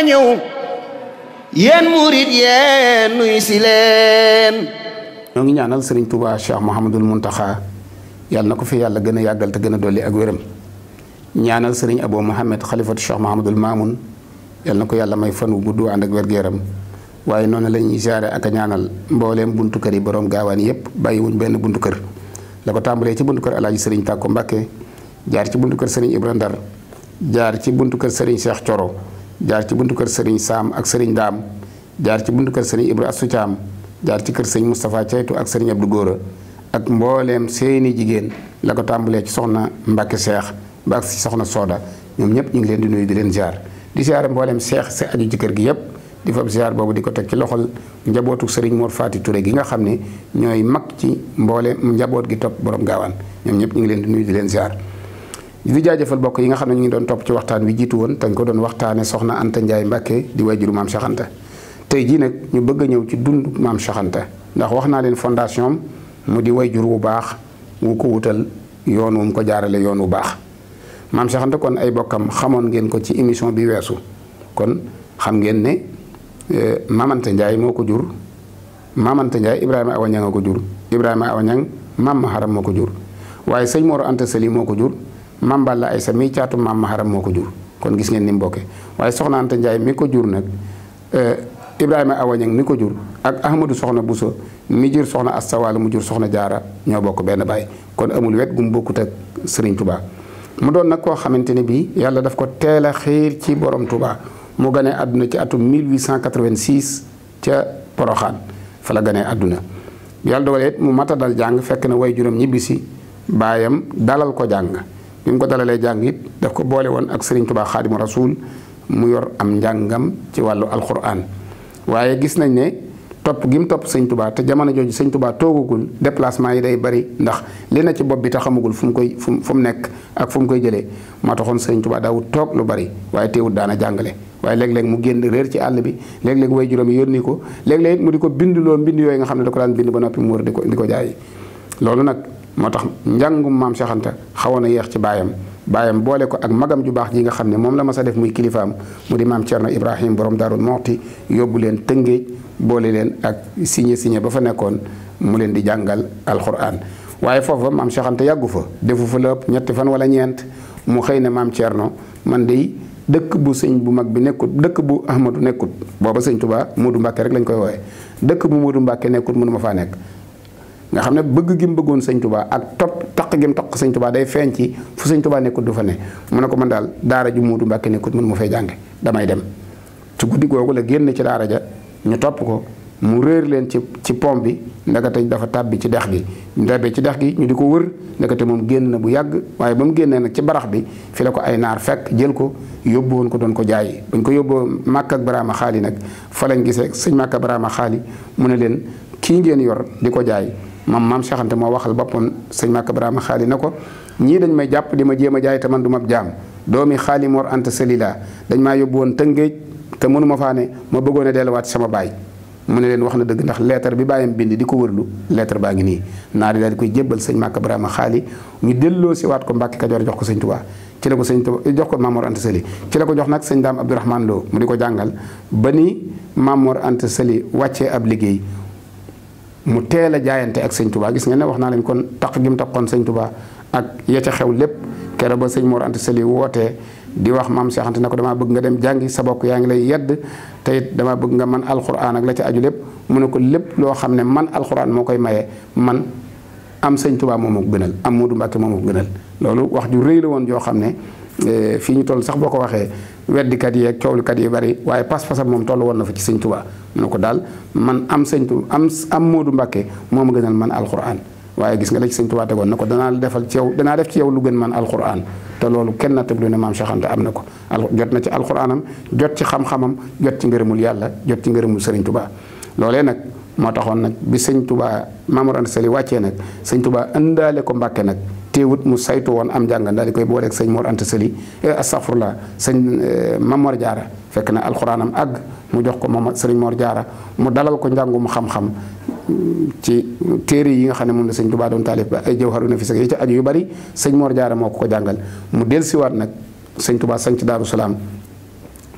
a ñëw yéen murit yéen nuy si leen ñoo ngi ñaanal sëriñ Touba Cheikh Mouhamadul Mountakha yàlla na ko fi yàlla gën a yàggal te gën a dolli ak wéram ñaanal sëriñ Abou Mouhamed xalifatu Cheikh Mouhamadul Mamoun yàlla na ko yàlla may fan wu gudd ànd ak wér yaram waaye noonu la ñuy jaare ak a ñaanal mbooleem buntu kër yi borom gaawaan yëpp bàyyiwuñ benn buntu kër la ko tàmbalee ci buntu kër alaaji sëriñ Tàkko Mbàkke jaar ci buntu kër sëriñ Ibra Ndar jaar ci buntu kër sëriñ Cheikh Thioro jaar ci buntu kër sëriñ Saam ak sëriñ Daam jaar ci buntu kër sëriñ Ibra Astu Caam jaar ci kër sëriñ Moustapha Ceytu ak sëriñ Abdou Góora ak mbooleem seeni jigéen la ko tàmbalee ci soxna Mbacke Cheikh ba soxna Soda ñoom ñëpp ñu ngi leen di nuyu di leen jaar di ziar mbooleem Cheikh si aju ci kër gi yëpp di fab ziar boobu di ko teg ci loxol njabootu sëriñ moor Faati ture gi nga xam ni ñooy mag ci mboole njaboot gi topp borom gaawaan ñoom ñëpp ñu ngi leen di nuyu di leen jaar di jaajëfal bokk yi nga xam ne ñu ngi doon topp ci waxtaan wi jiitu woon te ñu ko doon waxtaane soxna Anta Ndiaye Mbacke di wajuru maam Cheikh Anta tey jii nag ñu bëgg a ñëw ci dund maam Cheikh ndax wax naa leen fondation mu di jur wu baax wu ko wutal yoon wu ko jaarale yoon wu baax maam Cheikh kon ay bokkam xamoon ngeen ko ci émission bi weesu kon xam ngeen ne eh, maam Anta Ndiaye moo ko jur maam Anta Ibrahima Awa Niang ko jur Ibrahima Awa Niang maam moo ko jur waaye sëñ Mor Anta moo ko jur maam Balla Aysa mii caatu maam Maharam moo ko jur kon gis ngeen ni mu bokkee waaye soxna Anta Ndiaye mi ko jur nag eh, Ibrahima Awañang mi ko jur ak Ahmadou soxna Bousso mi jur soxna Astawaal mu jur soxna Jaara ñoo bokk benn baay kon amul wet gu mu bokkut ak Serigne Touba. mu doon nag koo xamante ne bii yàlla daf ko teel a xiir ci borom tubaa mu ganee àdduna ci atum 1886 ca Poroxaan fa la ganee àdduna yàlla dogalee mu mat a dal jàng fekk na way juróom ñibbisi baayam dalal ko jàng. bi mu ko dalalee jàng it daf ko boole woon ak Serigne Touba Xaadimu Rasuul mu yor am njàngam ci wàllu alquran waaye gis nañ ne topp gi mu topp Sëñ Touba te jamono jooju Sëñ tubaa toogagul déplacement yi day bari ndax li na ci bopp bi te xamagul fu mu koy fu mu fu mu nekk ak fu mu koy jëlee moo taxoon Sëñ Touba daawut toog lu bari waaye teewut daana jàngale. waaye léeg-léeg mu génn réer ci àll bi léeg-léeg way juróomi yónni ko léeg mu di ko bind loo mbind yooyu nga xam ne da daan bind ba noppi mu wër di ko di ko jaay loolu nag. moo tax njàngum maam Cheikh Anta xawoon na yéex ci baayam baayam boole ko ak magam ju baax ji nga xam ne moom la mas a def muy kilifaam mu di maam Thierno Ibrahim borom Darou Mouhty yóbbu leen Tëngéej boole leen ak signé signé ba fa nekkoon mu leen di jàngal alxuraan waaye foofa maam Cheikh yàggu fa defu fa lépp ñetti fan wala ñeent mu xëy ne maam Thierno man de dëkk bu sëñ bu mag bi nekkut dëkk bu Ahmadu nekkut booba sëñ Touba Modou Mbacke rek lañ koy woowee dëkk bu Modou Mbacke nekkut mënuma faa nekk. nga xam ne bëgg gi bëggoon sëñ Touba ak topp taq gi mu taq sëñ day feeñ ci fu sëñ Touba nekkut du fa ne mu ne ko man daal daara ju Muudu Mbàkke nekkut man mu fay jànge damay dem ci guddi googu la génn ci daara ja ñu topp ko mu réer leen ci ci pont bi ndakate dafa tàbbi ci dex gi mu tàbbee ci dex gi ñu di ko wër ndakate moom génn na bu yàgg waaye ba mu génnee nag ci barax bi fi la ko ay naar fekk jël ko yóbbu woon ko doon ko jaay bañ ko yóbboo Màkk ak Baraama Xaali nag fa lañ gisee sëñ Màkk ak Baraama Xaali mu ne leen kii ngeen yor di ko jaay mam maam Cheikh Anta moo waxal boppam sëñ Maka Brahma xaali na ko ñii dañ may jàpp di ma jéem a jaay te man du ma jaam doomi xaali Mor Anta Sali laa dañ maa yóbbu woon Tëngéej te mënu ma faa ne ma bëggoon a delluwaat sama baay mu ne leen wax na dëgg ndax lettre bi bàyyam bind di ko wërlu lettre baa ngi nii naa di daal koy jébbal sëñ Maka Brahma xaali ñu delloo si waat ko Mbàkke Kajoor jox ko sëñ Tuubaa ci la ko sëñ Tuubaa jox ko Mamor Anta Sali ci la ko jox nag sëñ Daam Abdourahmane Lo mu di ko jàngal ba ni Mamor Anta Sali wàccee ab liggéey mu teel a jaayante ak sëñ tubaa gis ngeen ne wax naa leen kon taq gi mu taqoon sëñ Touba ak ya ca xew lépp keroog ba sëñ Mor Anta Sali wootee di wax maam Cheikh na ko damaa bëgg nga dem jàngi sa bokk yaa ngi lay yedd te it damaa bëgg nga man alxuraan ak la ci aju lépp mu ne ko lépp loo xam ne man alxuraan moo koy maye man am sëñ Touba moom moo ko gënal am Modou Mbacke moom moo gënal. loolu wax ju rëy la woon joo xam ne eh, fii ñu toll sax boo ko waxee weddikat yi lu coowlukat yi bari waaye pas-pasam moom toll woon na fa ci sëñ Tuubaa mu ko daal man am sëñ tu am am Moodu Mbàkke moom ma gënal man alxuraan waaye gis nga la ci sëñ Tuubaa tegoon na ko danaa defal ci yow danaa def ci yow lu gën man alxuraan te loolu kenn nattablu ne maam Cheikh Anta am na ko al jot na ci alxuraanam jot ci xam-xamam jot ci ngërëmul yàlla jot ci ngërëmul sëriñ Tuubaa loolee nag moo taxoon nag bi sëñ tubaa Maam Mor Anta Sali wàccee nag sëñ Tuubaa ëndaale ko Mbàkke nag teewut mu saytu woon am njàng daal di koy booleeg sëñ Mor Anta Sali eh, astafurla sëñ eh, Mamor jaara fekk na alxuraanam àgg mu jox ko moom sëriñ Mor Diarra mu dalal ko njàngum xam-xam ci téere yi nga xam ne moom la sëñ Tuubaa doon taalif ba ay jawharu nafis ak yi ci aju yu bari sëñ Mor Diarra moo ko ko jàngal mu dellusiwaat nag sëñ Tuubaa sanc Daaru Salaam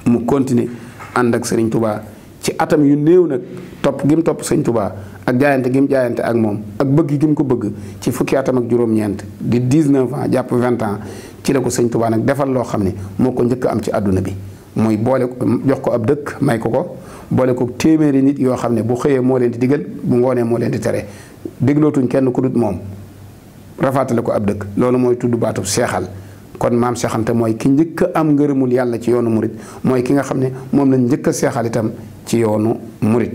mu continuer ànd ak sëriñ tubaa ci atam yu néew nag topp gi topp sëñ tubaa ak jaayante gi jaayante ak moom ak bëgg gi mu ko bëgg ci fukki atam ak juróom-ñeent di 19 ans jàpp vingt ans ci la ko sëñ tubaa nag defal loo xam ne moo ko njëkk am ci àdduna bi muy boole jox ko ab dëkk may ko ko boole ko téeméeri nit yoo xam ne bu xëyee moo leen di diggan bu ngoonee moo leen di tere déglootuñ kenn ku moom rafaatale ko ab dëkk loolu mooy tudd baatub seexal kon maam seexante mooy ki njëkk a am ngërëmul yàlla ci yoonu murit mooy ki nga xam ne moom lañ njëkk a seexal itam ci yoonu murit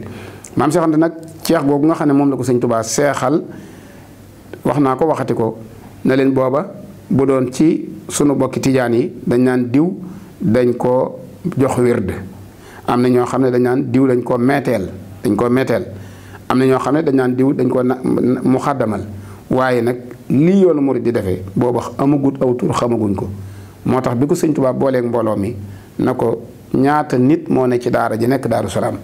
maam Cheikh Anta nag ceex googu nga xam ne moom la ko sëñ Tuubaa seexal wax naa ko waxati ko na leen booba bu doon ci sunu bokki tiijaan yi dañ naan diw dañ koo jox wird am na ñoo xam ne dañ naan diw dañ koo meeteel dañ koo meeteel am na ñoo xam ne dañ naan diw dañ koo mu xàddamal waaye nag lii yoonu murit di defe booba amagut aw xamaguñ ko moo tax bi ko sëñ Tuubaa booleeg mbooloo mi na ko ñaata nit moo nekk ci daara ji nekk daaru salaam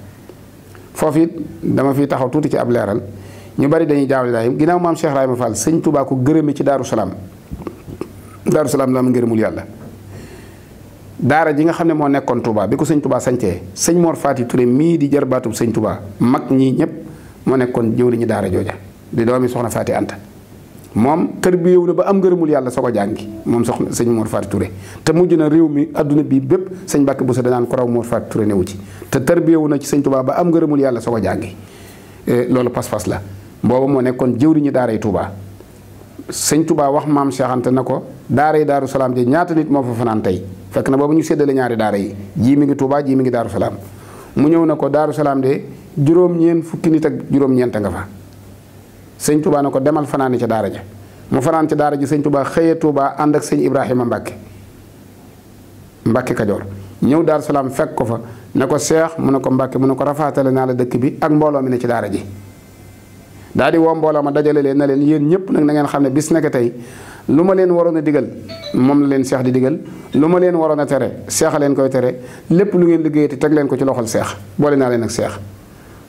foofu it dama fiy taxaw tuuti ci ab leeral ñu bari dañuy jaawle daay ginnaaw maam Cheikh Ibrahima Fall sëñ Touba ko gërëme ci daaru salaam daaru salaam la am yàlla daara ji nga xam ne moo nekkoon Touba bi ko sëñ Touba sañcee sëñ Mor Faati Touré mii di jarbaatub sëñ Touba mag ñii ñëpp moo nekkoon jëw jëwriñu daara jooja di doomi soxna Faati Anta moom tërbiyewu na ba am ngërëmul yàlla soo ko jàngi moom sox sëñ Mor Faty Touré te mujj na réew mi àdduna bii bépp sëñ Mbàkke Bousso danaan ko raw Mor Faty Touré newu ci te tërbiyewu na ci sëñ tubaa ba am ngërëmul yàlla soo ko jàngi eh, loolu pas-pas la booba moo nekkoon jëwriñu daaray Touba sëñ tubaa wax maam Cheikh Anta na ko daaray Daaru Salaam de ñaata nit moo fa fanaan tey fekk na boobu ñu séddale ñaari daara yi jii mi ngi Touba jii mi ngi Daaru Salaam mu ñëw na ko Daaru Salaam de juróom-ñeent fukki nit ak juróom nga fa sëñ Touba ne ko demal fanaani ci daara ja mu fanaan ci daara ji sëñ Touba xëyee Touba ànd ak sëñ Ibrahima Mbacke Mbacke Kajoor ñëw Daaru Salaam fekk ko fa ne ko seex mu ne ko Mbacke mu ne ko rafaatale naa la dëkk bi ak mbooloo mi ne ci daara ji. daal di woo mbooloo ma dajale leen na leen yéen ñëpp nag na ngeen xam ne bis na ko tey lu ma leen waroon a diggal moom la leen seex di diggal lu ma leen waroon a tere seex a leen koy tere lépp lu ngeen liggéeyati teg leen ko ci loxol seex boole naa leen seex.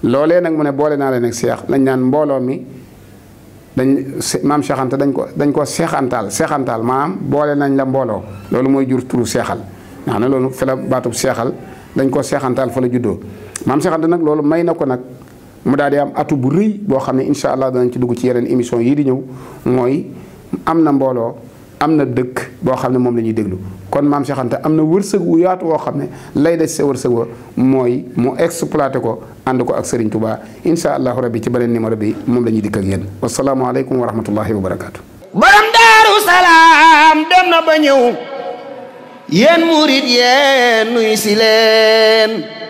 loolee nag mu ne boole naa leen ak seex lañ naan mbooloo mi. dañ maam Cheikh dañ ko dañ ko seexantaal seexantaal maanaam boole nañ la mbooloo loolu mooy jur turu seexal nga xam ne loolu fi la baatub seexal dañ ko seexantaal fa la juddoo maam Cheikh nag loolu may na ko nag mu daal di am atu bu rëy boo xam ne incha allah danañ ci dugg ci yeneen émission yi di ñëw mooy am na mbooloo am na dëkk boo xam ne moom la ñuy déglu kon maam Cheikh Anta am na wërsëg wu yaatu woo xam ne lay des sa wërsëg wa mooy mu exploité ko ànd ko ak Serigne Touba incha allahu rabbi ci beneen numéro bi moom la ñuy dikk ak yéen wasalaamualeykum wa rahmatullahi wa barakaatu. borom daaru salaam dem na ba ñëw yéen murit yéen nuy si leen.